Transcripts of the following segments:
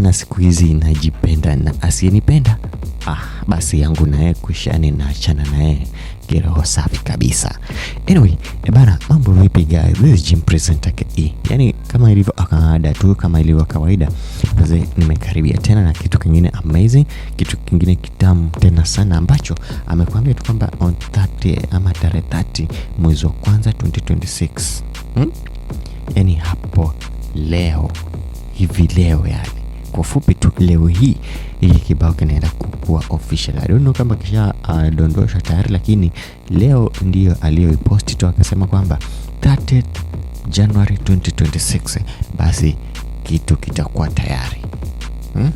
maana siku hizi najipenda na asiyenipenda ah, basi yangu naye kushani naachana naye kiroho safi kabisa. Anyway, e bana, mambo vipi guys? This is Jim Presenter KE. Yani kama ilivyo akaada tu, kama ilivyo kawaida mzee, nimekaribia tena na kitu kingine amazing, kitu kingine kitamu tena sana ambacho amekwambia tu kwamba on 30 eh, ama tarehe 30 mwezi wa kwanza 2026 hmm? Yani hapo leo hivi leo yani kwa fupi tu leo hii, hiki kibao kinaenda kuwa official. I don't know kama kisha uh, dondosha tayari, lakini leo ndiyo aliyoiposti tu akasema kwamba 30 January 2026 basi kitu kitakuwa tayari hmm?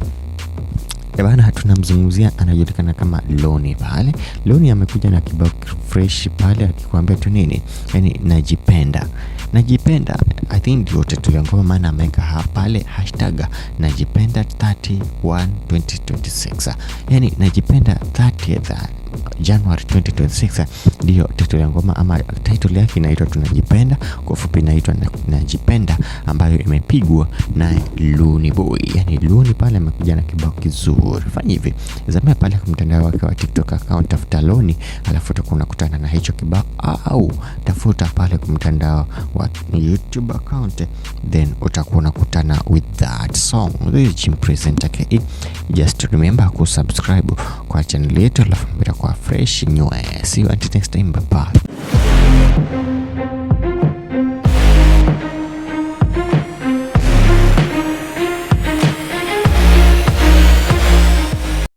E bana, tunamzungumzia anajulikana kama Loni pale. Loni amekuja na kibao fresh pale, akikwambia tu nini, yani najipenda najipenda. I think ndio title ya ngoma, maana ameweka pale hashtag najipenda 31 2026, yani najipenda 30 than Januari 2026 ndio title ya ngoma ama title yake inaitwa Tunajipenda, kwa ufupi inaitwa Najipenda, ambayo imepigwa na Luni Boy. Yani Luni pale amekuja na kibao kizuri. Fanya hivi, zamia pale kwa mtandao wake wa TikTok account, tafuta Luni alafu kutana na hicho kibao, au tafuta pale kwa mtandao wa YouTube account, then utakuwa kutana with that song. This is Jim KE. Just remember kusubscribe kwa channel yetu alafu mbira kwa fresh nywee. See you until next time, bye bye.